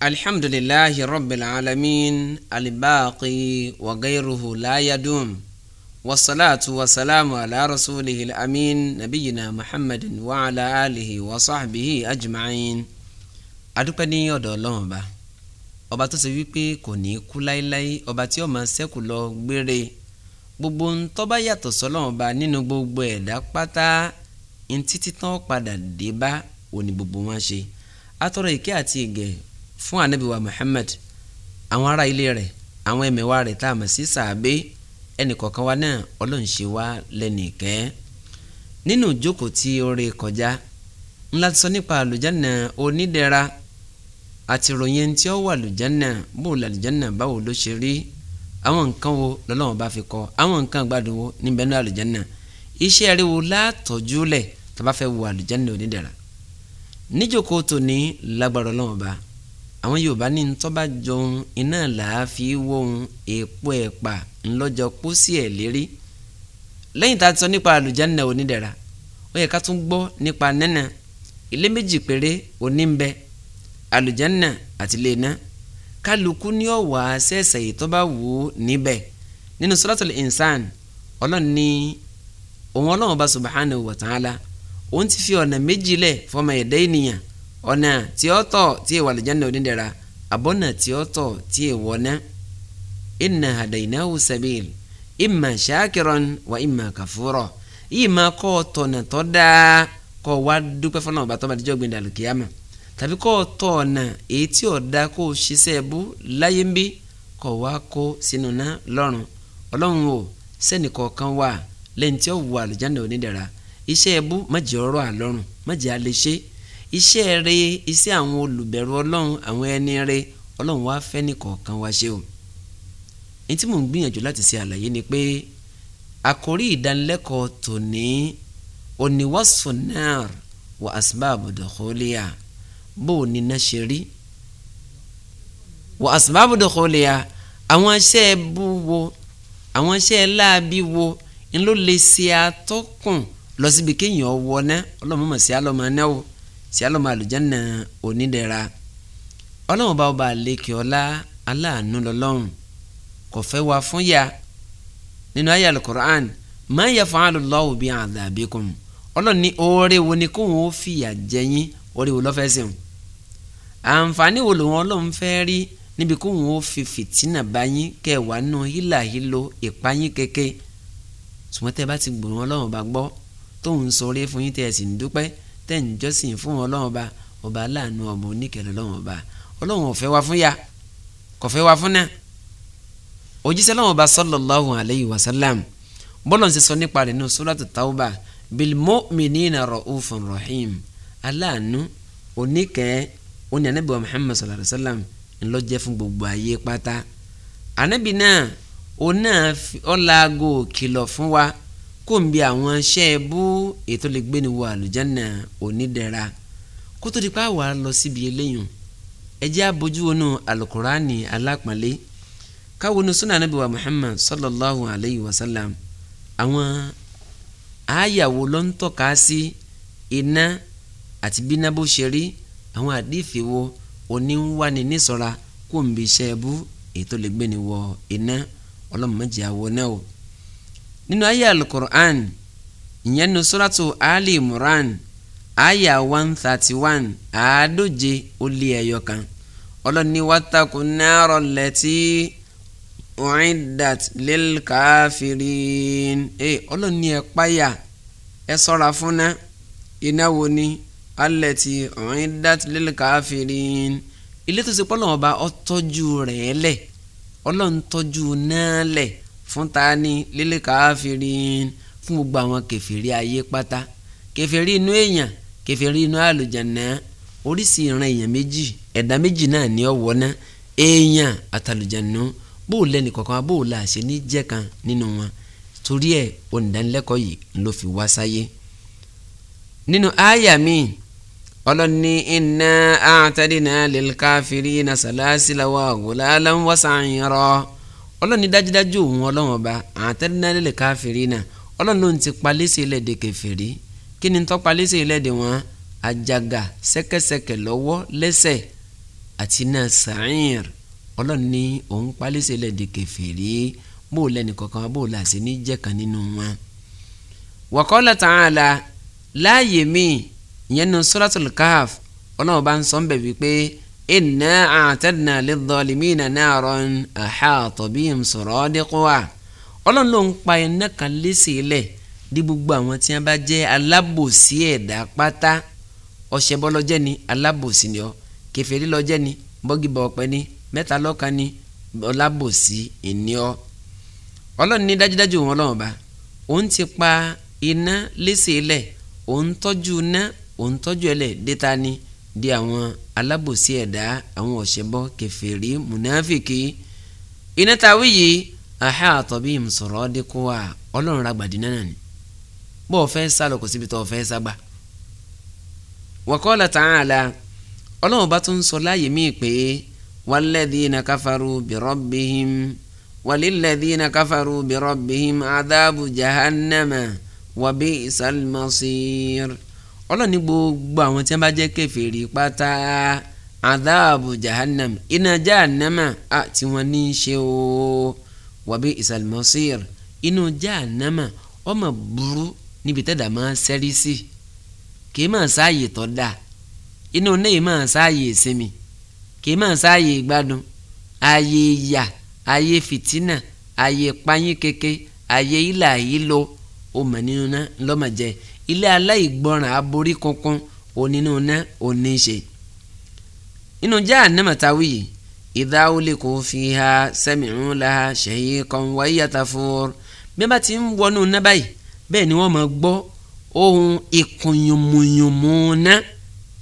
alhamdulillahi rabbil alamin alibaqi wa gairuhu la yadum wasalaatu wasalaamu ala rasulihi alamin nabiyina muhammadin wa ala alihi wa sahbihi ajma'in. adúpẹ́ ní ọ̀dọ̀ ọlọ́run ọba ọba tó ṣe wípé kò ní í kú láéláé ọba tí ó máa ṣẹ́kù lọ gbére gbogbo ń tó bá yàtọ̀ sọ́lọ́run ọba nínú gbogbo ẹ̀dá pátá ń títí padà dé bá òní gbogbo wọn ṣe atọ́rọ̀ ìkẹ́ àti ìgẹ̀ fún anabi Muhammad àwọn ará ilé rẹ̀ àwọn ẹ̀mẹ̀wá rẹ̀ tá a mọ̀ sí sàábé ẹnì kọ̀ọ̀kan wa náà ọlọ́run ṣe wá lẹ́nìkẹ́ nínú ìjókòó tí ó ré kọjá ńlá sọ nípa àlùjánà onídẹ̀ra àti ròyìn tí ó wà àlùjánà bó làlùjánà báwo ló ṣe rí àwọn nǹkan wo lọ́lọ́run bá fi kọ́ àwọn nǹkan gbádùn wo níbẹ̀ ní àlùjánà iṣẹ́ ariwo látọ̀jú lẹ̀ tá bá fẹ́ wo àlùjánà onídẹ̀ra níjókòó tòní lágbára ọlọ́run bá àwọn Yorùbá ní ntọ́ba jọun iná làáfi wọ́hun èèpo ẹ̀pà ńlọ́jọ́ pósí ẹ̀ lérí lẹ́yìn tá a ti sọ nípa àlùjánnà onídẹ̀ra ó yẹ ká tún gbọ́ nípa nẹ́nà ilé méjì péré onímbẹ àlùjánnà àti lẹ́nà kálukú ní ọ̀wà sẹ́sẹ̀ ìtọ́ba wò ó níbẹ̀ nínú Suratul Insan ọlọ́run ní òun ọlọ́run bá subhanahu wa ta'ala òun ti fi ọ̀nà méjì lẹ̀ fọmọ ẹ̀dá ènìyàn ọ̀nà tí ó tọ̀ tí èèwọ̀ àlùjánnà onídẹ̀ra àbọ̀nà tí ó tọ̀ tí èèwọ̀ ná inna hadaynahu sabil imma shakiran wa imma kafura yìí máa kọ́ tọ̀nà tó dáa kọ́ wá dúpẹ́ fọlọ́n ọba tó bá dijọ́ gbin dàlù kíyàmà tàbí kọ́ tọ̀nà èyí tí ó dáa kó o ṣiṣẹ́ bú láyé ń bí kọ́ wá kó sínú ná lọ́rùn ọlọ́run o sẹ́ni kọ̀ọ̀kan wà lẹ́yìn tí ó wù àlùjánnà onídẹ̀ra iṣẹ́ ẹbú má ọ̀rọ̀ àlọ́run má àlẹ́ṣẹ́ iṣẹ́ rẹ iṣẹ́ àwọn olùbẹ̀rù ọlọ́run àwọn ẹni rẹ ọlọ́run wá fẹ́ nìkọ̀ọ̀kan wá ṣe o ní tí mò ń gbìyànjú láti ṣe àlàyé ni pé àkórí ìdánilẹ́kọ̀ọ́ tòní oníwàsónàr wà asbáàbù dọ̀kọ́lẹ́yà bó o ní náà ṣe rí wà asbáàbù dọ̀kọ́lẹ́yà àwọn aṣẹ́ bú wo àwọn aṣẹ́ láabi wo ń lè ṣe àtọ́kùn lọ síbi kéèyàn wọ náà ọlọ́run mọ̀ sí àlọ́ náà o sí alọ́mọ àlùjáná onídẹ̀ra ọlọ́run bá ọba àlekè ọlá aláàánú lọ́lọ́run kò fẹ́ wá fún ya nínú ayé alukur'an máa yẹ fún alùlọ́wọ́ bíi àdàbíkùn ọlọ́run ní oore wo ni kó wọn ó fìyà jẹyìn oore wo lọ́fẹ́ sẹ́wọ̀n àǹfààní wo lòun ọlọ́run fẹ́ rí níbi kó wọn ó fi fìtínà báyìí kẹwàá nù hílàhílo ìpáyín kéke sùmọ́tẹ́ bá ti gbòòrùn ọlọ́run bá gbọ́ tóun sọ orí fún yín tẹ́ ẹ̀ sì ń dúpẹ́ tẹ̀ ń jọ́sìn fún ọlọ́run ọba ọba aláàánú ọmọ oníkẹlẹ ọlọ́run ọba ọlọ́run ò fẹ́ wá fún ya kò fẹ́ wá fún náà òjíṣẹ́ ọlọ́run ọba sallallahu alayhi wa sallam bọ́lọ̀ ń sọ nípa rẹ̀ ní suratu tauba bil mu'minina ra'ufun rahim aláàánú oníkẹ́ oní anabi wa muhammad sallallahu alayhi wa sallam ńlọ jẹ́ fún gbogbo ayé pátá anabi náà ọ̀nà ọ̀làgò kìlọ̀ fún wa kó n bí àwọn iṣẹ́ ẹbú ètò lè gbé ni wọ àlùjáná onídẹ̀ra kó tó di pa wà á lọ síbi eléyìí ẹ jẹ́ wọnú alukurani alápọ̀nlé káwọnú súnà níbi wa Muhammad sallallahu alayhi wa sallam àwọn àyàwó ló ń tọ́ka sí iná àti bíná bó ṣe rí àwọn àdífì wo oníwáni nísọ̀ra kó n bí iṣẹ́ ẹbú ètò lè gbé ni wọ iná ọlọ́mọdé àwọn náà o nínú ayé alukur'an ìyẹn nínú suratu ali imran aya one thirty one àádóje ó lé ẹyọ kan ọlọ́ni wàtàkùn náírà lẹ́tí ọ̀ìndàt lẹ́lkàáfìrín ẹ ọlọ́ni ẹ páyà ẹ sọ́ra fúnná iná wo ni alẹ́tí ọ̀ìndàt lẹ́lkàáfìrín ilé tó ṣe pọ́lọ́mọba ó tọ́jú rẹ̀ lẹ̀ ọlọ́run tọ́jú náà lẹ̀ fún tani lílẹ̀ káfíìrì fún gbogbo àwọn kẹfìrí ayé pátá kẹfìrí inú èèyàn kẹfìrí inú àlùjànnà oríṣi ìran èèyàn méjì ẹ̀dá méjì náà ní ọ̀wọ́ náà èèyàn àtàlùjànnà bó lẹ́nu kọ̀ọ̀kan bó la ṣe ní jẹ́ kan nínú wọn torí ẹ̀ onídàánilẹ́kọ̀ọ́ yìí ló fi wá sáyé nínú àyà míì ọlọ́ni inna a'tadina lil kafirina salasila wa ghulalan wa sa'ira ọlọ́run ní dájúdájú òun ọlọ́run ọba àtẹ́dínlẹ́lẹ́ káfíìrì náà ọlọ́run ló ń ti palẹ́sẹ̀ lẹ́dẹ̀ kẹfìrí kí ni tó palẹ́sẹ̀ lẹ́dẹ̀ wọn àjàgà sẹ́kẹsẹkẹ lọ́wọ́ lẹ́sẹ̀ àti náà sàáyìn ọlọ́run ní òun palẹ́sẹ̀ lẹ́dẹ̀ kẹfìrí bó o lẹ́nu kankan bó o là sí ní jẹ́kan nínú wọn. wa qala ta'ala láàyè míì ìyẹn nu suratul kahf ọlọ́run bá ń sọ إنا a'tadna للظالمين نارا أحاط بهم سرادقها suradiquha ọlọ́run ló ń pa iná kan lẹ́sẹ̀ ilẹ̀ di gbogbo àwọn tí wọ́n bá jẹ́ alábòsí ẹ̀dá pátá ọ̀ṣẹ́bọ́lọ́jẹ́ ni alábòsí ni ọ kẹfẹ́rí lọ́jẹ́ ni bọ́gìbọ̀ ọ̀pẹ ni mẹ́ta lọ́kan ni ọlábòsí ìní ọ ọlọ́run ní dájúdájú òun ọlọ́run bá òun ti pa iná lẹ́sẹ̀ ilẹ̀ òun tọ́jú iná òun tọ́jú ẹlẹ̀ dẹ́ta ni di àwọn alábòsí ẹ̀dá àwọn ọ̀ṣẹ́bọ kèfèrí mùnáfìkì iná táwí yìí àhẹ́ àtọ̀bí ìmùsọ̀rọ̀ dínkù wá ọlọ́run ra gbàdínà náà ni bó o fẹ́ sá lọ kò síbi tó o fẹ́ sá gbà. wa qala ta'ala ọlọ́run bá tún sọ láàyè míì pé walladhina kafaru bi rabbihim walilladhina kafaru bi rabbihim adhabu jahannama wa bi'sal ọlọ́run ní gbogbo àwọn tí wọ́n bá jẹ́ kèfèrí pátá adhaabu jahannam iná jahannama a tí wọ́n ní í ṣe o wàbí ìsàlmọ́sír inú jahannama ọmọ burú níbi tẹ́dà máa ṣẹ́rí sí kì í máa sáàyè tọ́ da inú náà máa sáàyè ìsinmi kì í máa sáàyè ìgbádùn ààyè ìyà ààyè fìtínà ààyè payín keke ààyè ìlà ìlò ọmọ nínú náà ńlọ́mọ jẹ́ ilé aláìgbọràn aborí kankan onínú ná òní ṣe inú jahannama táwí yìí idha uliku fiha sami'u laha shahiqan wa hiya tafur bí wọ́n bá ti ń wọnú ná báyìí bẹ́ẹ̀ ni wọ́n máa gbọ́ ohun ìkùnyùmùnyùmù ná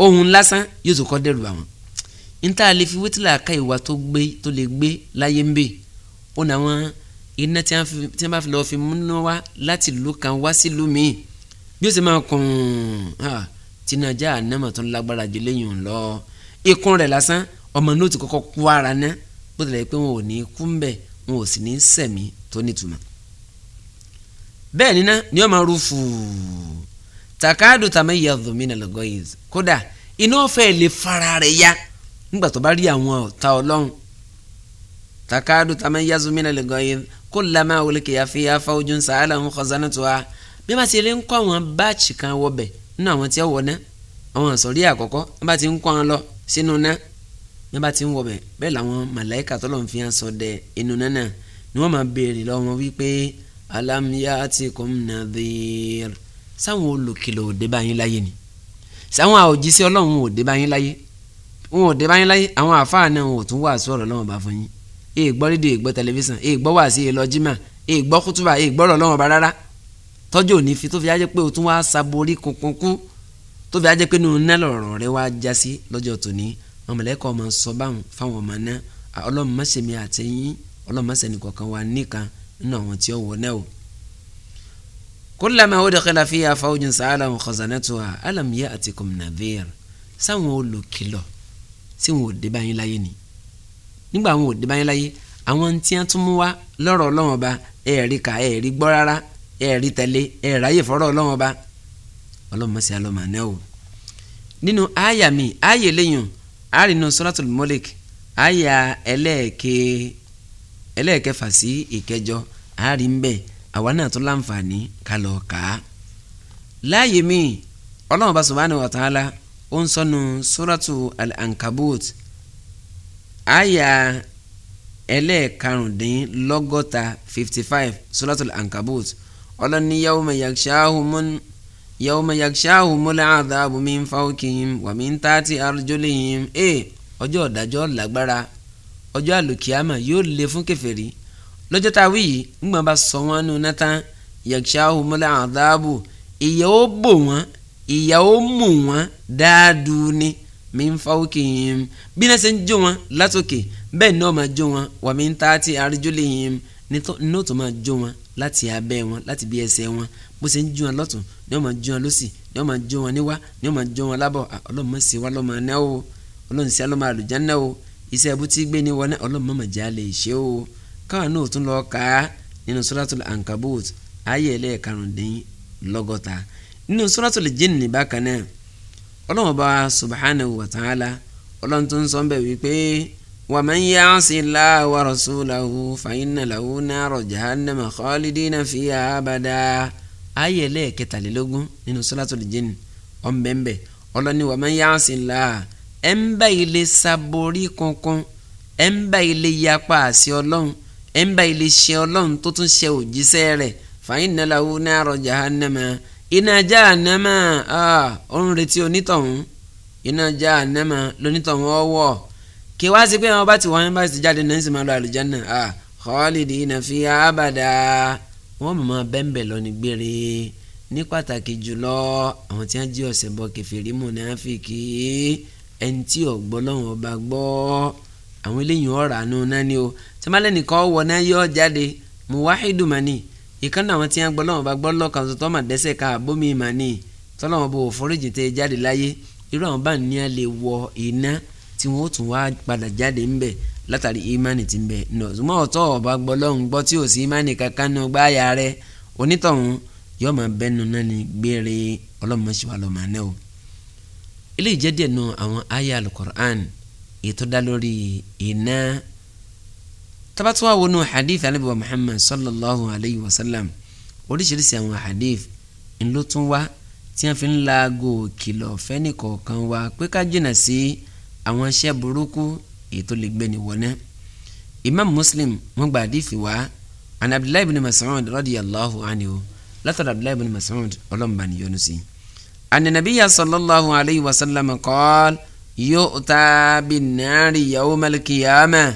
ohun lásán yóò tó kọ́ dẹ́rù àwọn níta lè fi wítìlà ká ìwà tó gbé tó lè gbé láyé ń bè ó náwọn iná tí wọ́n bá fi lọ́ọ́ fi múná wá láti ìlú kan wá sílùú míì bí ó sì máa kùn tìǹà já ànámọ̀ tó ń lágbára jù lẹ́yìn lọ ikùn rẹ̀ lásán ọmọ náà ti kọ́kọ́ kú ara ná bó tilẹ̀ pé wọn ò ní kú ń bẹ̀ wọn ò sì ní sẹ̀mí tó nítumọ̀ bẹ́ẹ̀ níná ni wọ́n máa ru fùú takadu tamayadu mina lagoyiz kódà iná ọ̀fẹ́ lè fara rẹ̀ ya nígbà tó bá rí àwọn ọ̀tá ọlọ́run takadu tamayadu mina lagoyiz kullama ulqiya fiha fawjun sa'alahum khazanatuha bí wọ́n ti rí ń kọ́ àwọn báàchì kan wọbẹ̀ nínú àwọn tí ó wọ̀ náà àwọn àsọ̀rí àkọ́kọ́ wọ́n bá ti ń kọ́ wọn lọ sínú náà wọ́n bá ti ń wọbẹ̀ bẹ́ẹ̀ làwọn màláìkà tó lọ́n fi hàn sọ dẹ inú náà náà ni wọ́n máa béèrè lọ́wọ́ wípé alam ya'tikum nadhir sáwọn olùkìlọ̀ òde bá yín láyé ni sáwọn àwòjíṣẹ́ ọlọ́run òde bá yín láyé wọn òde bá yín láyé àwọn àfáà náà wọn ò tọ́jú òní fi tó fi ajẹ́ pé o tún wá saborí kunkunkun tó fi ajẹ́ pé nínú náà lọ̀rọ̀ rẹ wá já sí lọ́jọ́ tòní wọn mọ̀lẹ́kọ̀ ọmọ sọ báwọn fáwọn ọmọ náà ọlọ́run má ṣe mi àtẹ̀yìn ọlọ́run má ṣe ní kọ̀ọ̀kan wa níkan nínú àwọn tí ó wọ náà o. kullama udkhila fiha fawjun sa'alahum khazanatuha alam ya'tikum nadhir sáwọn olùkìlọ̀ tí wọn ò dé báyìí láyé ò ẹ rí tẹ̀lé ẹ ráyè fọ́rọ̀ ọlọ́run ọba ọlọ́run mọ̀ sí alọ́mọ o nínú àyà mi àyè lẹ́yìn àrínú suratul Mulk àyà ẹlẹ́ẹ̀kẹ ẹlẹ́ẹ̀kẹfà sí ìkẹjọ àárín bẹ́ẹ̀ àwa náà tó láǹfààní ká lọ kà á láàyè mi ọlọ́run ọba subhanahu wa ta'ala ó ń sọnu suratu al àyà ẹlẹ́ẹ̀karùndínlọ́gọ́ta fifty five suratul Ankabut ọlọ́ni yawma yakshahumun yawma yakshahumul adhabu min fawqihim wa min taati arjulihim ẹ ọjọ́ ọ̀dàjọ́ lágbára ọjọ́ àlùkìyàmà yóò le fún kèfèrí lọ́jọ́ tá a wí yìí ńgbọ́n bá sọ wọn nù nátán yakshahumul adhabu ìyà ó bò wọ́n ìyà ó mú wọ́n dáadúú ni min fawqihim bí náà ṣe ń jó wọn látòkè bẹ́ẹ̀ náà máa jó wọn wa min taati arjulihim ní tó máa jó wọn láti abẹ́ wọn láti bí ẹsẹ̀ wọn bó ṣe ń jó wọn lọ́tún ni wọ́n máa jó wọn lọ́sì ni wọ́n máa jó wọn níwá ni wọ́n máa jó wọn lábọ̀ ọlọ́run má ṣe wá lọ́mọ aná o ọlọ́run ṣe alọ́mọ àlùjáná o iṣẹ́ ẹbú tí gbé ni wọn náà ọlọ́run mọ̀mọ̀ já lè ṣe o káwọn náà tún lọ kà á nínú suratul ankabut ayé ẹlẹ́ẹ̀karùndínlọ́gọ́ta nínú suratul jinni bákan náà ọlọ́run ọba subhanahu wa ta'ala ọlọ́run tó ń ومن يعص الله ورسوله فإن له نار جهنم خالدين فيها أبدا ayé ẹlẹ́ẹ̀kẹtàlélógún nínú Suratul Jinn ọ̀nbẹ̀nbẹ̀ ọlọ́ni ومن يعص الله ẹ̀ ń bá ilé saborí kankan ẹ̀ ń bá ilé yapa àṣẹ ọlọ́run ẹ̀ ń bá ilé ṣe ọlọ́run tó tún ṣe òjíṣẹ́ rẹ̀ فإن له نار جهنم iná jahannama ó ń retí onítọ̀hún iná jahannama lónítọ̀hún ọ̀wọ́ kí wá sí pé àwọn bá ti wọ́n bá ti jáde náà sì máa lọ àlùjáná à khalidina fiha abada wọ́n mọ̀ mọ́ bẹ́ńbẹ̀ lọ ní gbére ní pàtàkì jùlọ àwọn tí wọ́n jí ọ̀sẹ̀ bọ kẹfìrí mùnáfíkì ẹni tí ọ̀gbọ́ lọ́wọ́ ọba gbọ́ àwọn eléyìí ọ̀rà nù náà ni o tẹ́málẹ́ nìkan wọ̀ náà yọ jáde muwahidu mani ìkànnì àwọn tí wọ́n gbọ́ lọ́wọ́ ọba gbọ́ lọ́kàn tó tọ́ dẹ́sẹ̀ ká àbómi mani tọ́lọ́wọ́ bò foríjì tẹ́ jáde láyé irú àwọn bá ní a lè wọ iná tí wọ́n tún wá padà jáde ńbẹ̀ látàrí ìmánì tí ń bẹ nù ṣùgbọ́n ọ̀tọ̀ ọ̀bá gbọ́lọ́hún gbọ́ tí ò sí ìmánì kankan nù gbáyà rẹ onítọ̀hún yóò máa bẹ́nu náà ní gbére ọlọ́mọṣẹ́wà lọ́mọ náà o. eléyìí jẹ́ díẹ̀ nù àwọn àyà alukur'an ètò dá lórí iná tabatuwa wo nù hadith anabi muhammad sallallahu alayhi wa sallam oríṣiríṣi àwọn hadith ńlọtún wa tí wọ́n fi ń laago kìlọ̀ fẹ́ni kọ̀ọ̀kan wa pé ká jìnnà sí i àwọn iṣẹ́ burúkú èyí tó lè gbé ni wọná. imam muslim wọn gba àdìfì wá an abdullahi bin mas'ud radiyallahu anhu látara abdullahi bin mas'ud ọlọ́mọba niyọ́nu sí. ananabiya sallallahu alayhi wa sallam kọ́l yu'ta bin nari yawmal qiyamah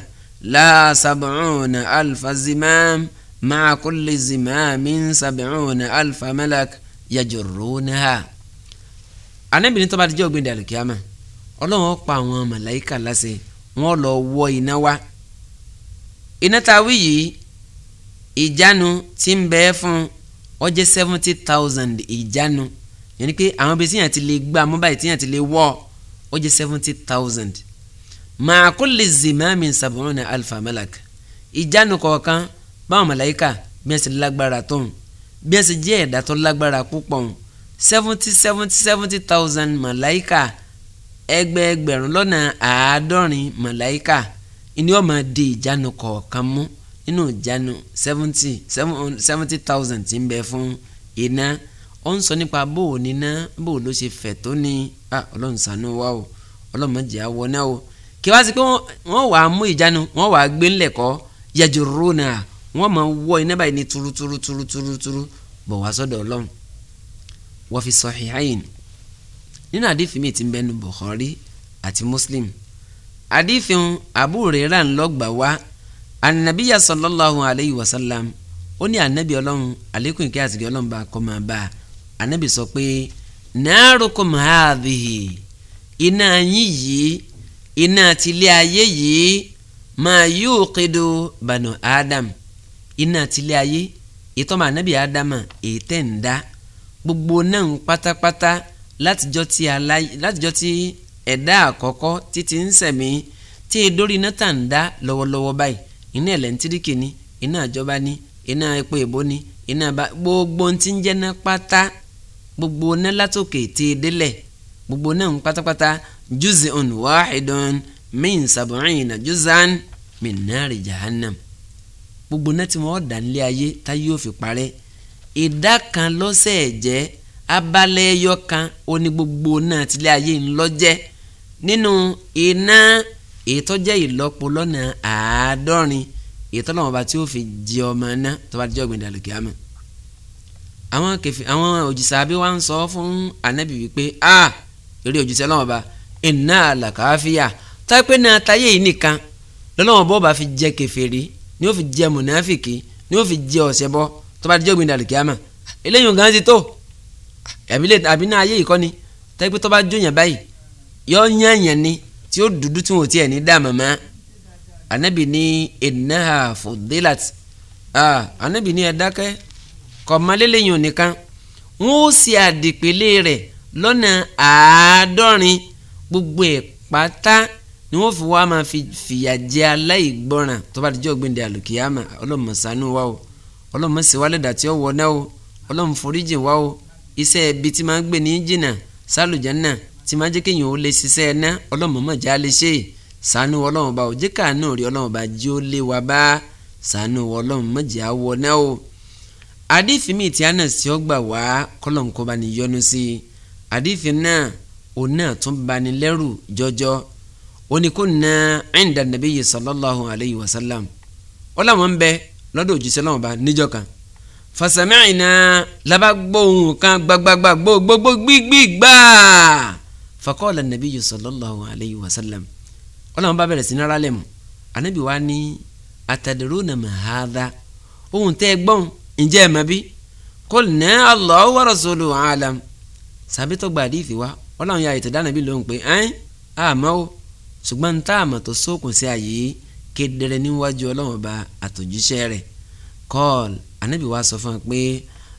la sab'una alfa zimam ma'a kulli zimamin sab'una alfa malak yajurrunaha. anabini tó ti jẹ́ ògbìn dàlùkìyàmẹ́ ọlọ́run pa àwọn màláìka láṣẹ wọ́n lọ wọ́ iná wá iná tá yìí ìjánu ti ń bẹ́ẹ́ fún ọ jẹ́ seventy thousand ìjánu yẹn ni pé àwọn ibi tíyàn ti lè gbà mú báyìí tíyàn ti lè wọ́ ọ jẹ́ seventy thousand máa kó lè zè máa mi sàbọ̀n ní alfa malak ìjánu kọ̀ọ̀kan báwọn màláìka bí wọ́n ti lágbára tó ń bí wọ́n ti jẹ́ ẹ̀dá tó lágbára púpọ̀ ń seventy seventy seventy thousand màláìka ẹgbẹẹgbẹ̀rún lọ́nà àádọ́rin màláíkà ni ó máa di ìjánu kọ̀ọ̀kan mú nínú ìjánu seventy seventy thousand tí ń bẹ fún iná ó ń sọ nípa bó o níná bó o ló ṣe fẹ̀ tó ní ọlọ́run ṣàánú wa o ọlọ́run má jẹ́ á wọ náà o kí wá sí pé wọ́n wàá mú ìjánu wọ́n wàá gbé ńlẹ̀ kọ́ yajuruna wọ́n máa wọ́ iná báyìí ní turuturu turu bọ̀ wá sọ́dọ̀ ọlọ́run wa fi sahihain nínú àdìfí mi ti ń bẹnu Bukhari àti Muslim àdìfí Abu Huraira ń lọ́gbà wá ànàbíyà sallallahu alayhi wa sallam ó ní ànábì ọlọ́run àlékún ìkẹ́ àtìgẹ́ ọlọ́run bá kọ́ máa bá ànábì sọ pé naarukum haadhihi iná yín yìí iná tilé ayé yìí máa yóò kédo bànú Adam iná tilé ayé ìtọ́mọ ànábì Ádámà ètè ń dá gbogbo náà pátápátá látijọ́ tí ẹ̀dá àkọ́kọ́ títí ń sẹ̀mí tí edori nathan dá lọ́wọ́lọ́wọ́ báyìí iná ẹ̀lẹ́ntíríkì ni iná àjọba ni iná epo èbó ni iná bá gbogbo ti ń jẹ́ ná pátá gbogbo ná látòkè tí e délẹ̀ gbogbo náà ń pátápátá júzi on wáhidon min sabuina juzan min nari jahannam gbogbo náà tí wọ́n dà nílé ayé tá yóò fi parẹ́ ìdá kan lọ́sẹ̀ jẹ́ abala ẹyọ kan oní gbogbo náà tilé ayé ńlọ́jẹ́ nínú iná ètò jẹ́ ìlọ́po lọ́nà àádọ́rin ètò lọ́wọ́ bá tí ó fi jẹ ọmọ náà tó bá jẹ́ ọ̀gbìn dàlùkì àmọ́ àwọn kẹfì àwọn òjìṣẹ́ abẹ́ wa ń sọ fún anabi wípé a eré òjìṣẹ́ lọ́wọ́ bá iná àlàkáfíà tápẹ́ náà táyé yìí nìkan lọ́wọ́ bọ́ bá fi jẹ kèfèrí ni ó fi jẹ mùnáfìkì ni ó fi jẹ ọ̀sẹ̀ bọ́ tó bá jẹ́ ọ̀gbìn dàlùkì àmọ́ eléyìí gan ti tó àbílẹ̀ àbí náà ayé ìkọ́ni tẹ́gbẹ́ tó bá jóyàn báyìí yọ yányàn ni tí ó dúdú tí wọn ò tiẹ̀ ní dá màmá anabi ní ìnáhà fòdélàt anabi ní ẹ̀dákẹ́ kọ̀mọ́lélẹ́yìn ònìkan wọn ó sì àdìpẹ́lẹ́ rẹ̀ lọ́nà àádọ́rin gbogbo ẹ̀ pátá ni wọ́n fi wá máa fi fìyà jẹ aláìgbọràn tó bá di jọ́ gbẹ̀ndẹ̀ àlùkìyàmà ọlọ́mọ̀sánú wa o ọlọ́mọ̀síwálẹ̀dà tí ó wọ náà o ọlọ́mọ̀foríjì wa o iṣẹ́ ibi tí máa ń gbé ní jìnnà sálùjánà tí máa jẹ́ kéèyàn ó lè ṣiṣẹ́ ẹ̀ná ọlọ́mọọmọ já lè ṣe sànú ọlọ́run bá òjì káàánú rí ọlọ́run bá jí ó lé wa bá sànú ọlọ́run mọ̀jẹ̀ á wọ náà o. àdìfín mi ti àná sí ọgbà wá kọ́lọ̀ǹkọ́ bá ní yọnu sí i àdìfín náà òun náà tún bá ní lẹ́rù jọjọ oníkóńnà ẹ̀ńdà nàbíyí sallallahu alayhi wa ọlọ́run ń bẹ lọ́dọ̀ òjíṣẹ́ ọlọ́run bá níjọ́ kan fasamẹ́yìnà laba gbọ́ ohùn kan gbagbagba gbogbo gbígbígbà fakọ́ọ̀lá nàbí yìí sallallahu alayhi wa sallam ọlọ́run bá bẹ̀rẹ̀ sí ní rálẹ̀ mu anabi wa ní atadruna ma hadha ohun tẹ́ ẹ gbọ́n ǹjẹ́ ẹ mọ̀ bí qulna Allahu wa rasuluhu alam sàbítọ́ gba àdìsí wa ọlọ́run ya ètò dánàbí lóhùn pé ẹ́n àmọ́ o ṣùgbọ́n tá àmọ́ tó sókun sí àyè kedere níwájú ọlọ́run ọba àtòjíṣẹ́ rẹ̀ kọ́ọ̀lù anabi wa sọ fún un pé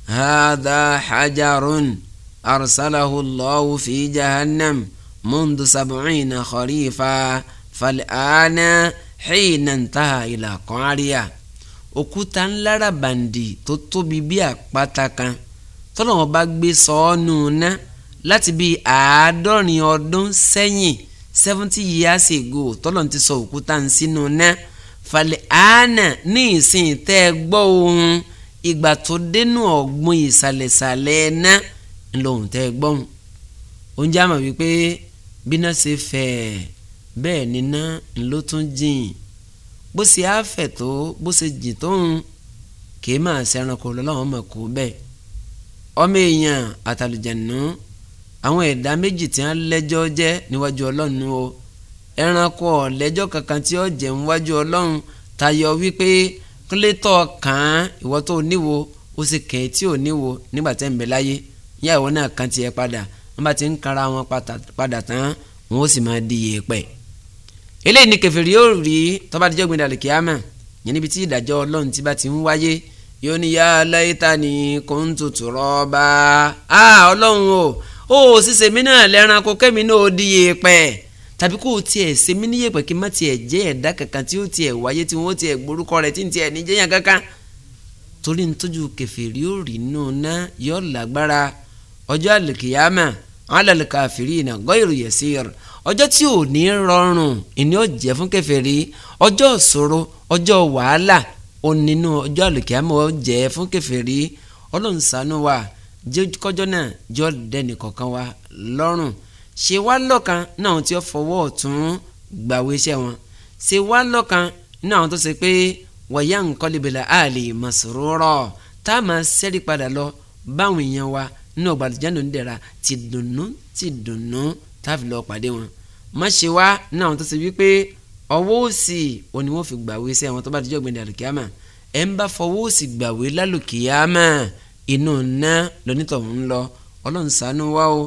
hadha hajarun arsalahu Allahu fi jahannam mundu sab'ina kharifa fal'ana hina ntaha ila qariya òkúta ńlára bàǹdì tó tóbi bí àpáta kan tọ́lọ́wọ́n bá gbé sọ́ọ́nù ná láti bíi àádọ́rin ọdún sẹ́yìn seventy years ago tọ́lọ́n ti sọ òkúta ń sínú ná falẹ̀ ní ìsìn tẹ́ gbọ́ ohun ìgbà tó dénú ọ̀gbun ìsàlẹ̀sàlẹ̀ ẹ̀ná ńlọrun tẹ́ gbọ́n oúnjẹ àmọ̀ wípé bíná ṣe fẹ̀ bẹ́ẹ̀ níná ńlọ tún jìn bó ṣe á fẹ̀ tó bó ṣe jìn tó kì í máa ṣe ẹranko lọ́wọ́ mọ̀ kó bẹ́ẹ̀ ọmọ èèyàn àtàlùjẹ̀nù àwọn ẹ̀dá méjì tí wọ́n lẹ́jọ́ jẹ́ níwájú ọlọ́run o ẹranko ọ̀lẹ́jọ́ kankan tí ó jẹ́ níwájú ọlọ́run tayọ wípé kílétọ̀ kàn án ìwọ tó níwo ó sì kàn tí ò níwo nígbà tẹ́ ń bẹ láyé yá ìwọ náà kàn tiẹ̀ padà wọ́n bá ti ń kara wọn padà tán wọn ó sì máa di yèèpẹ̀. eléyìí ni kẹfìrí yóò rí tọ́ba àdìjọ́ gbin dàlẹ́ kíámà yẹn níbi tí ìdájọ́ ọlọ́run ti bá ti ń wáyé yóò ní yá láyétà ni kò ń tutù rọ́ọ̀bà. a ah, ọlọ́run o ó sì ṣèmi náà lẹ́ranko kẹ́mi náà ó di yèèpẹ̀ tàbí kó o tiẹ̀ ṣe mí níyè pé kí n má tiẹ̀ jẹ́ ẹ̀dá kankan tí ó tiẹ̀ wáyé tí wọ́n tiẹ̀ gborúkọ rẹ̀ tí n tiẹ̀ níjẹ́yàn kankan torí n tójú kèfèrí ó rí nù ná yọ lágbára ọjọ́ àlùkìyàmà alàlùkà àfìrí iná gọ́ìrù yẹ̀sìr ọjọ́ tí ò ní rọrùn ìní ó jẹ́ fún kèfèrí ọjọ́ ìṣòro ọjọ́ wàhálà ó nínú ọjọ́ àlùkìyàmà ó jẹ́ fún kèfèrí ọlọ́run ṣàánú wa kọjọ́ náà jọ́ dẹ́nì wa lọ́rùn ṣe wá lọ́kan náà tí ó fọwọ́ ọ̀tún gbàwé iṣẹ́ wọn ṣe wá lọ́kan náà tó ṣe pé wọ̀yá nǹkọ́lébìlà àlè mọ̀sòrò tá a máa ṣẹ́rí padà lọ báwọn èèyàn wa ní ọgbà àlùjáde onídẹ̀ra ti dùnnú ti dùnnú táàfin lọ pàdé wọn má ṣe wá náà tó ṣe wípé ọwọ́ òsì òní wọ́n fi gbàwé iṣẹ́ wọn tó bá dijọ́ gbẹ̀dẹ̀ àlùkìyàmà ẹ̀ ń bá fọwọ́ òsì gbàwé lálùkìyàmà inú ná lọ́nítọ̀hún lọ ọlọ́run ṣàánú wa o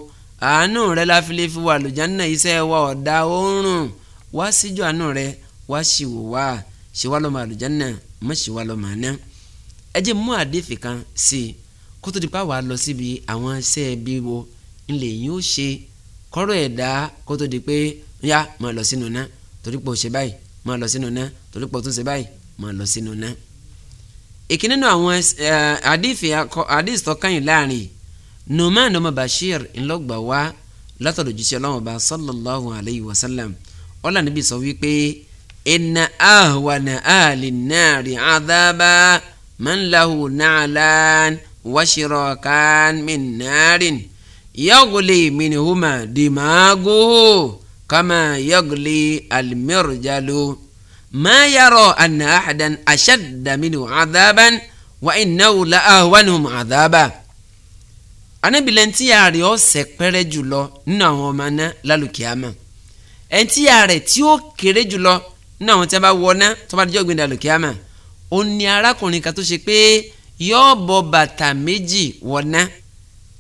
àánú rẹ la fi lè fi wà lùjánná iṣẹ́ wa ọ̀dà oorun wá síjú àánú rẹ wá sì wò wá ṣe wá lọ́mọ àlùjánná mọ̀ ṣe wá lọ́mọ àná. ẹ jẹ́ mú àdéfì kan sí i kó tó di pa wàá lọ síbi àwọn iṣẹ́ bí wo ńlẹ̀ yìí ó ṣe kọ́rọ̀ ẹ̀dá kó tó di pé yá máa lọ sínú ná torí pé o ṣe báyìí máa lọ sínú ná torí pé o ṣe báyìí máa lọ sínú ná. ìkíní nínú àwọn àdéfì àdéfì tó kàn yín láàrin yìí Nu'man ọmọ Bashir ńlọgbà wá látọ̀dọ̀ jíṣẹ́ ọlọ́run ọba sallallahu alayhi wa sallam ọ̀là níbi sọ wípé inna ahwana ahli nari adhaba man lahu na'lan wa shirakan min narin yaghli minhuma dimaguhu kama yaghli almirjalu ma yara anna ahadan ashadda minhu adhaban wa innahu la ahwanhum adhaba anabi lẹ́ntì yà rẹ̀ ọ̀sẹ̀ pẹ́rẹ́ jùlọ nínú àwọn ọmọ náà lálùkìyàmà ẹ̀ntì yà rẹ̀ tí ó kéré jùlọ nínú àwọn tí a bá wọ ná tó bá dijọ́ gbẹ̀dẹ̀ lálùkìyàmà ó ní arákùnrin kan tó ṣe pé yóò bọ bàtà méjì wọ ná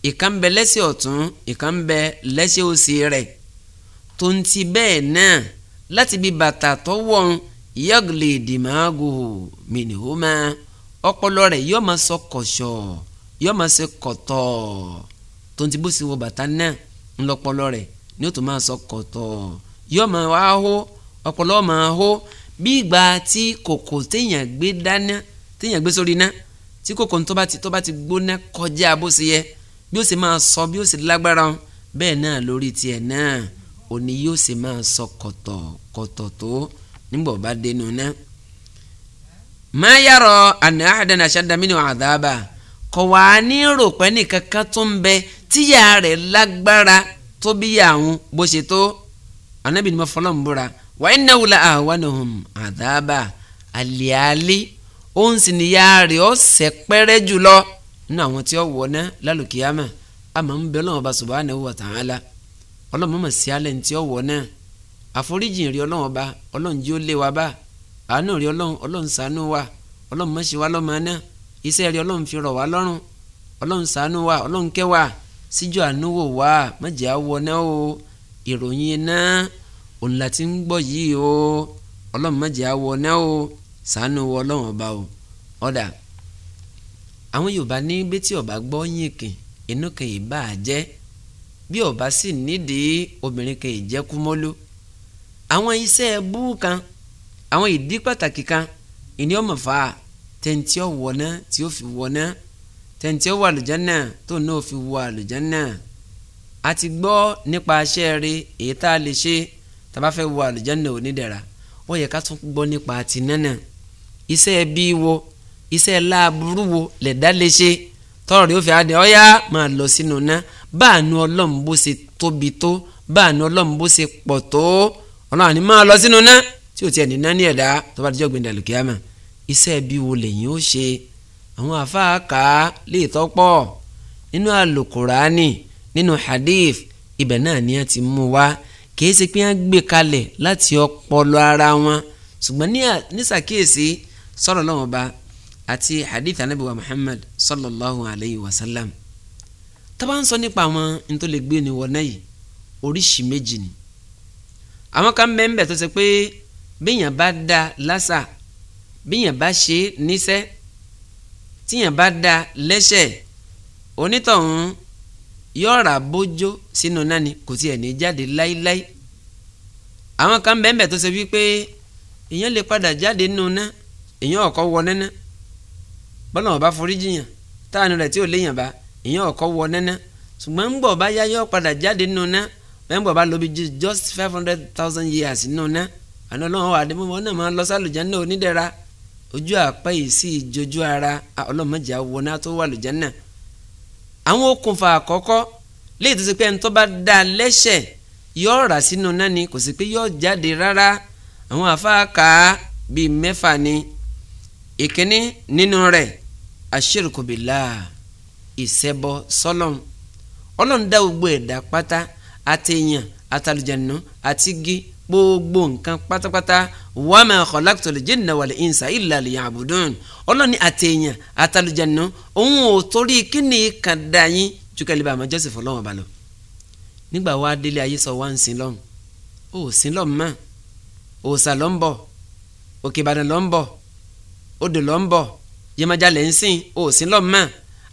ìkan ń bẹ lẹ́sẹ̀ ọ̀tún ìkan ń bẹ lẹ́sẹ̀ òsì rẹ̀ tó ń ti bẹ́ẹ̀ náà láti bí bàtà tó wọ̀n yọ̀gìlì dìmáàgò mìnìhómà ọpọlọ rẹ̀ yóò máa sọ kọ̀ṣọ̀ọ́ yóò máa ṣe kọ̀tọ̀ tó ń ti bó ṣe wọ bàtà náà ńlọpọlọ rẹ̀ ni ó tún máa sọ kọ̀tọ̀ yóò máa wá hó ọpọlọ máa hó bí ìgbà tí kòkò téèyàn gbé dáná téèyàn gbé sórí iná tí kòkò tó bá ti tó bá ti gbóná kọjá bó ṣe yẹ bí ó ṣe máa sọ bí ó ṣe lágbára wọn bẹ́ẹ̀ náà lórí tiẹ̀ náà òní yóò ṣe máa sọ kọ̀tọ̀ kọ̀tọ̀ tó nígbà bá dénú náà. máa yàrá àná àdánà ṣáda mí ni kò wá ní rò pé nìkankan tó ń bẹ tíyà rẹ̀ lágbára tó bí yà àwọn bó ṣe tó anabi ni mo fọlọ́ ń búra wa innahu la ahwanuhum àdáàbà àlìálí òun sì níyà rẹ̀ ó sẹ̀ pẹ́rẹ́ jùlọ nínú àwọn tí ó wọ̀ ná lálùkìyàmà àmọ́ ń bẹ Ọlọ́hun Ọba subhanahu wa ta'ala Ọlọ́hun mọ̀ sí alẹ́ ní tí ó wọ̀ náà àforíjìn rí Ọlọ́hun Ọba Ọlọ́hun jí ó lé wa bá àánú rí Ọlọ́hun Ọlọ́hun ṣàánú wa Ọlọ́hun mọ̀ ṣe wa lọ́mọ náà iṣẹ́ rẹ̀ ọlọ́run fi rọ̀ wá lọ́rùn ọlọ́run ṣàánú wa ọlọ́run kẹ́ wa síjọ́ àánú wò wá má jẹ́ á wọná o ìròyìn iná òun la ti ń gbọ́ yìí o ọlọ́run má jẹ́ á wọná o ṣàánú wọ ọlọ́run ọba o ọ̀dà àwọn yorùbá ní bẹ́tí ọba gbọ́ yìnkìn inú kan ìbá jẹ́ bí ọba sì nídìí obìnrin kan ìjẹ́kúmọ́lú àwọn iṣẹ́ bú kan àwọn ìdí pàtàkì kan ìní ọmọ fà tẹ̀ǹtì ọ̀wọ̀ náà tí ó fi wọ̀ náà tẹ̀ǹtì ọ̀wọ̀ àlùjánà tó náà fi wọ̀ àlùjánà a ti gbọ́ nípa aṣẹ́ rẹ èyí tá a lè ṣe tá a bá fẹ́ wọ àlùjánà onídẹ̀ra wọ́n yẹ ká tún gbọ́ nípa àti nánà iṣẹ́ ẹbí wo iṣẹ́ láàbùrú wo lẹ̀dá lè ṣe tọrọ rẹ ó fi adé ọyá máa lọ sínú ná báànú ọlọ́run bó ṣe tóbi tó báànú ọlọ́run bó ṣe pọ̀ tó ọlọ́run àní máa lọ sínú ná tí ò tiẹ̀ ní ná ní ẹ̀dá tó bá dijọ́ gbẹ̀ndàlùkíyàmá iṣẹ́ bí wo lẹ́yìn ó ṣe àwọn àfáà lè tọ́pọ̀ nínú àlùkùránì nínú hadith ibẹ̀ náà ni a ti mú wá kìí ṣe pé wọ́n gbé kalẹ̀ láti ọpọlọ ara wọn ṣùgbọ́n nísàkíyèsí sọ̀rọ̀ lọ́wọ́ ba àti hadith anabi muhammad sallallahu alayhi wa sallam tábà ń sọ nípa àwọn ntòlẹ́gbẹ́ ni wọ́n náà yìí oríṣi méjì ni àwọn kan bẹ́ẹ̀ ń bẹ̀ tó ṣe pé bẹ́ẹ̀yàn bá da lásà bíyàn bá ṣe níṣẹ́ tíyàn bá da lẹ́sẹ̀ onítọ̀hún yọ̀ọ̀rà bójó sínú náni kò tiẹ̀ ní jáde láíláí àwọn kan bẹ́ẹ̀ tó ṣe wípé èèyàn lè padà jáde nínú ná èèyàn ọ̀kọ́ wọ nẹ́ná bọ́lá wọn bá forí jiyàn táànù rẹ̀ tí ò léèyàn bá èèyàn ọ̀kọ́ wọ nẹ́ná ṣùgbọ́n ń bọ̀ bá yáyọ́ padà jáde nínú ná bẹ́ẹ̀ bá lọ bí just five hundred thousand years nínú ná àná ọlọ́run wà á dé mọ́ náà máa lọ sálùjá náà onídẹ̀ra ojú àpá yìí sì jojú ara ọlọ́mọdé àwọn náà tó wà lùjánà àwọn okùnfà àkọ́kọ́ léyìí tó ṣe pé ẹni tó bá dá lẹ́sẹ̀ yóò rà sínú náà ni kò sì pé yóò jáde rárá àwọn àfáàkà bíi mẹ́fà ni ìkíní nínú rẹ̀ àṣírìkòbìlà ìṣẹ́bọ sọ́lọ́m ọlọ́run dá gbogbo ẹ̀dá pátá àtẹ̀yàn àtàlùjànú àtigi gbogbo nǹkan pátápátá wa ma khalaqtul jinna wal insa illa liya'budun ọlọ́ni àtẹ̀yàn àtàlùjẹ̀nu òun ò torí kíni kan dá yín jùkẹ́lẹ́ bá àmọ́ jọ́sìn fọlọ́wọ́n bá lọ. nígbà wá délé ayé sọ wá ń sin lọ́hùn ó sin lọ́hùn mọ́ òòsà ló ń bọ̀ òkè ìbàdàn ló ń bọ̀ odò ló ń bọ̀ yẹmọjà lẹ́ ń sìn òòsìn lọ́hùn mọ́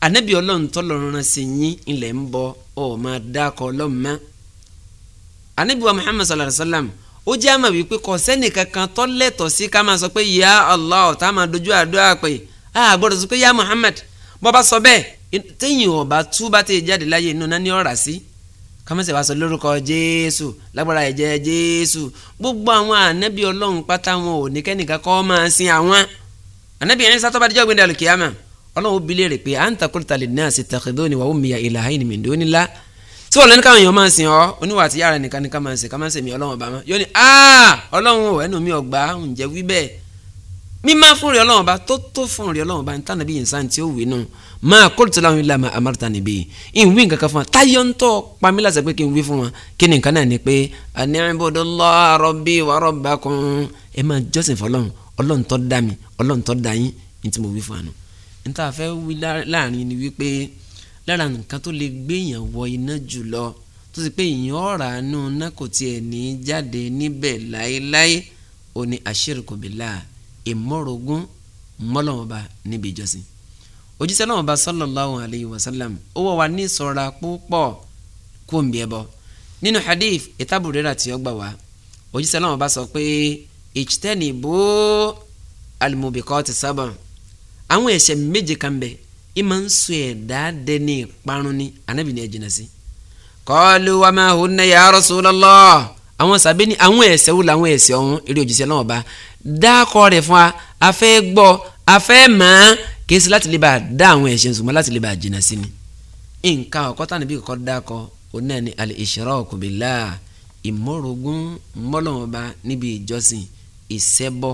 ànábì ọlọ́run tọ́lọ́run Muhammad sallallahu ó jẹ́ àmọ̀ wípé kò sẹ́nì kankan tó lẹ́tọ̀ sí ká máa sọ pé ya Allah tá a máa dojú àdúrà pé a gbọ́dọ̀ sọ pé ya Muhammad bọ́ bá sọ bẹ́ẹ̀ téyìn ọba tú bá tẹ̀ jáde láyé inú náà ní ọ̀rà sí kámẹ́sẹ̀ wá sọ lórúkọ Jésù lágbára ẹ̀jẹ̀ Jésù gbogbo àwọn ànábì Ọlọ́run pátá wọn ò ní kẹ́nìkan kọ́ máa sin àwọn ànábì yẹn sátọ́ bá dijọ́ gbẹ̀dẹ̀ àlùkìyàmà Ọlọ́run ó bi léèrè pé à ń takùrù tàlẹ̀ náà sí tàkìdóni wà ó mìyà ìlàhàyìn mìndónìlá tí wọ́n lẹ́nu káwọn èèyàn máa sìn ọ́ oníwà àti yàrá nìkan nìkan máa sìn ká máa sìn mí ọlọ́run ọba mọ́ yóò ní ọlọ́run ò ẹnu mi ọ̀gbá ǹjẹ́ wí bẹ́ẹ̀ mímá fún rẹ̀ ọlọ́run ọba tó tó fún rẹ̀ ọlọ́run ọba níta nàbí yìnsá tí ó wí nù máa kóòtù láwọn ilé àmà amárùtà níbí ìwé nǹkan kan fún wa táyọ̀ ń tọ́ pamí lásìkò pé kí n wí fún wa kí ni nǹkan náà ni pé àní ibudullaha rabbi wa rabbakum lára nǹkan tó lè gbéyàn wọ iná jùlọ tó sì pé èèyàn ọ̀rà nù náà kò tiẹ̀ ní jáde níbẹ̀ láéláé ó ní àṣírìkù billah ìmọ̀rọ̀gún mọ́lọ́mọba níbi ìjọsìn òjíṣẹ́ náà bá sallallahu alayhi wa sallam ó wọ̀ wá ní ìṣọ́ra púpọ̀ kó ń bí ẹbọ nínú hadith ìtàbùrẹ́rà tí ó gbà wá òjíṣẹ́ náà bá sọ pé ijtanibu al-mubiqati sab'a àwọn ẹ̀ṣẹ̀ méje kan bẹ́ẹ̀ ìmọ̀ ń sọ ẹ̀dá dẹni ni anabi ni ẹ jìnnà sí. kọ́ọ̀lù wa ya Rasulullah àwọn sàbẹ̀ ni àwọn ẹ̀ṣẹ̀ wò làwọn ẹ̀ṣẹ̀ ọ̀hún eré òjíṣẹ́ náà bá dákọ̀ rẹ̀ fún wa a fẹ́ gbọ́ a fẹ́ mọ̀ ọ́n kì í sí láti lè bá a dá àwọn ẹ̀ṣẹ̀ ṣùgbọ́n láti lè bá a jìnnà sí ni. nǹkan ọ̀kọ́ tán níbí kọ́kọ́ dákọ̀ òun ni al-ishraku billah ìmọ̀rògún mọ́lọ́wọ́n níbi ìjọsìn ìṣẹ́bọ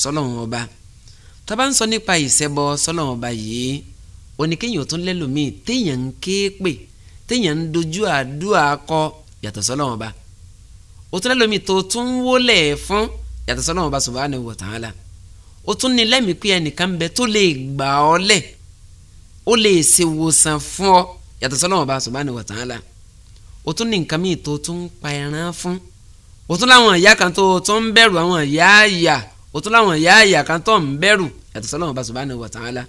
sọ́lọ́wọ́n ọba ń sọ nípa ìṣẹ́bọ sọ́lọ́wọ́n yìí oníkéyìn ò tún lẹ́lòmíì téèyàn ń ké pè téèyàn ń dojú àdúrà kọ yàtọ̀ sọ́lọ́wọ́n ba ó tún lẹ́lòmíì tó tún wólẹ̀ fún yàtọ̀ sọ́lọ́wọ́n ba subhanahu wa ta'ala ó tún ní lẹ́mìí pé ẹnìkan bẹ tó lè gbà ọ́ lẹ̀ ó lè ṣe wòsàn fún ọ yàtọ̀ sọ́lọ́wọ́n ba subhanahu wa ta'ala ó tún ní nǹkan míì tó tún pa ẹran fún ó tún láwọn ìyá kan tó tún bẹ̀rù àwọn ìyá àyà ó tún láwọn ìyá àyà kan tó ń bẹ̀rù yàtọ̀ sọ́lọ́wọ́n ba subhanahu wa ta'ala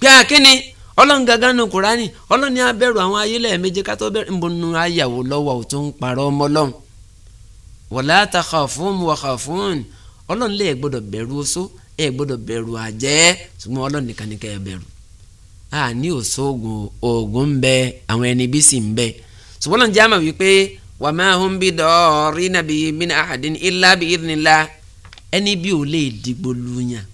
pé àkíní ọlọ́run gangan nu kùránì ọlọ́run ní abẹ́rù àwọn ayé lẹ́ẹ̀mejì ká tó bẹ̀rẹ̀ nbọnú ayàwó lọ́wọ́ ò tó ń parọ́ ọmọ ọlọ́run wala takhafun wa khafun ọlọ́run lè gbọ́dọ̀ bẹ̀rù oṣó ẹ̀ bẹ̀rù àjẹ́ ṣùgbọ́n ọlọ́run nìkan ni kẹ́ ẹ bẹ̀rù a ní oṣó oògùn oògùn ń bẹ àwọn ẹni bí sì ń bẹ ṣùgbọ́n ọlọ́run jáàmà wípé wa ma hum bi bi min ahadin illa bi idhnillah ẹni bí ò lè dìgbòlù yàn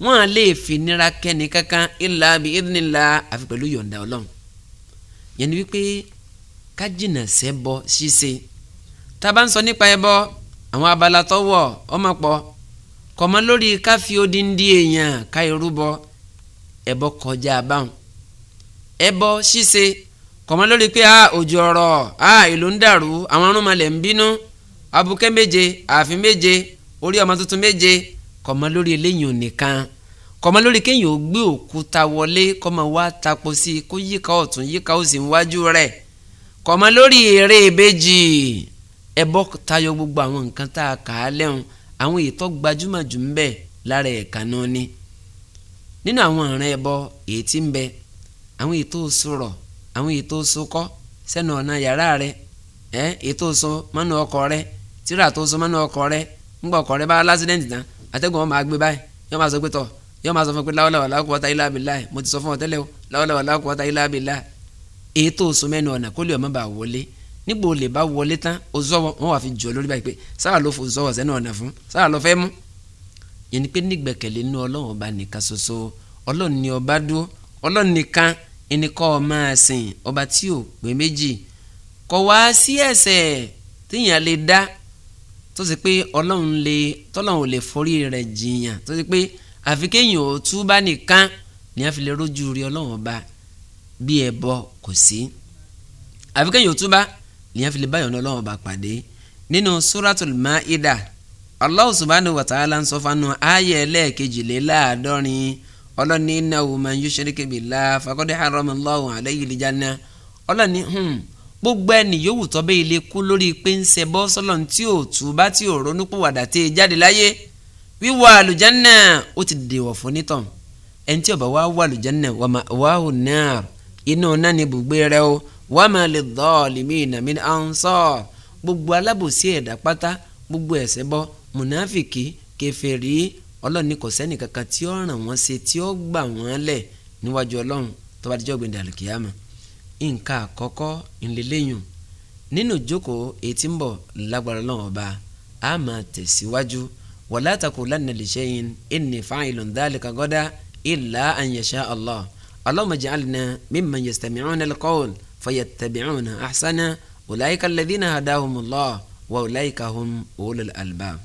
wọn à lè fi nira kẹ́ni kankan ilà bí ìdínlá àfi pẹ̀lú yọ̀ǹda ọlọ́run yẹn ni wípé ká jìnnà sẹ́bọ ṣíṣe tá a bá ń sọ nípa ẹbọ àwọn abala tọwọ ọmọ pọ kọmọ lórí ká fi odindi èèyàn ká irú bọ ẹbọ kọjá báwọn ẹbọ ṣíṣe kọmọ lórí pé a ọ̀rọ̀ ìlú ń dàrú àwọn arúnmalẹ̀ ń bínú abúkẹ́ méje ààfin méje orí ọmọ tuntun méje kọ̀mọ́ lórí eléyìí ò nìkan kọ̀mọ́ lórí kéèyàn ó gbé òkúta wọlé kọ́mọ́ wá tapo sí i kó yíká ọ̀tún yíká òsì wájú rẹ̀ kọ̀mọ́ lórí eré ìbejì ẹbọ tayọ gbogbo àwọn nǹkan tá a kà á lẹ́hùn àwọn ètò gbajúmọ̀ jù ń atẹ́gùn wọn máa gbé báyìí yọ máa sọ pé tọ̀ yọ máa sọ fún pé láwọláwà lákùwọ́ta ilá abilá ẹ̀ mo ti sọ fún ọ tẹ́lẹ̀ o láwọláwà lákùwọ́ta ilá abilá ètò oṣù mẹ́nu ọ̀nà kó lè ọmọ bá wọlé nígbò lè bá wọlé tán ozọ́wọ́ wọn wà fi jọ lórí báyìí pé sáà ló fò zọ́wọ́ sẹ́nu ọ̀nà fún sáà ló fẹ́ mú yẹn ni pé nígbẹ̀kẹ̀lé inú ọlọ́run ọba tó ṣe pé ọlọ́run lè tọ́lọ́run ò lè forí rẹ̀ jiyàn tó ṣe pé àfi kéèyàn ò túbá nìkan ni a fi lè rójú rí ọlọ́run ọba bí ẹbọ kò sí àfi kéèyàn ò túbá ni a fi lè báyọ̀ ọlọ́run ọba pàdé nínú suratul maida Allah subhanahu wa ta'ala ń sọ fanu ayé ẹlẹ́ẹ̀kejìléláàádọ́rin ọlọ́ni innahu man yushrik billahi faqad harrama Allahu alayhi al-jannah ọlọ́ni gbogbo ẹni yòówù tọ́bẹ̀ ilé kú lórí pé ń ṣe bọ́ sọ́lọ̀ tí ò tú bá tí ò ronú pòwàdà tẹ́ ẹ jáde láyé wíwọ àlùjánná ó ti dèwọ̀ fún nítàn ẹni tí ó bá wá wọ àlùjánná wà ó náà iná náà ní ibùgbé rẹ o wà á máa lè dọ́ọ̀lì mí ìnàmí ansọ́ gbogbo alábòsí ẹ̀dá pátá gbogbo ẹ̀ṣẹ̀ bọ́ mùnáfìkì kèfèrí ọlọ́ọ̀ni kò sẹ́ni tí ó ràn wọ́n ṣe tí ó gbà wọ́n lẹ̀ níwájú ọlọ́run tó bá dijọ́ gbẹ̀dẹ̀ àlùkìyàmọ́ nǹkan àkọ́kọ́ ńlẹ́lẹ́yìn nínú ìjókòó etí ń bọ̀ lágbára lọ́wọ́ bá a máa tẹ̀síwájú wala taqulanna li shay'in inni fa'ilun dhalika ghadan illa an yasha Allah Allahumma ij'alna mimman yastami'una al-qawl fayattabi'una ahsana ulaika alladhina hadahumullah wa ulaika hum ulul albab.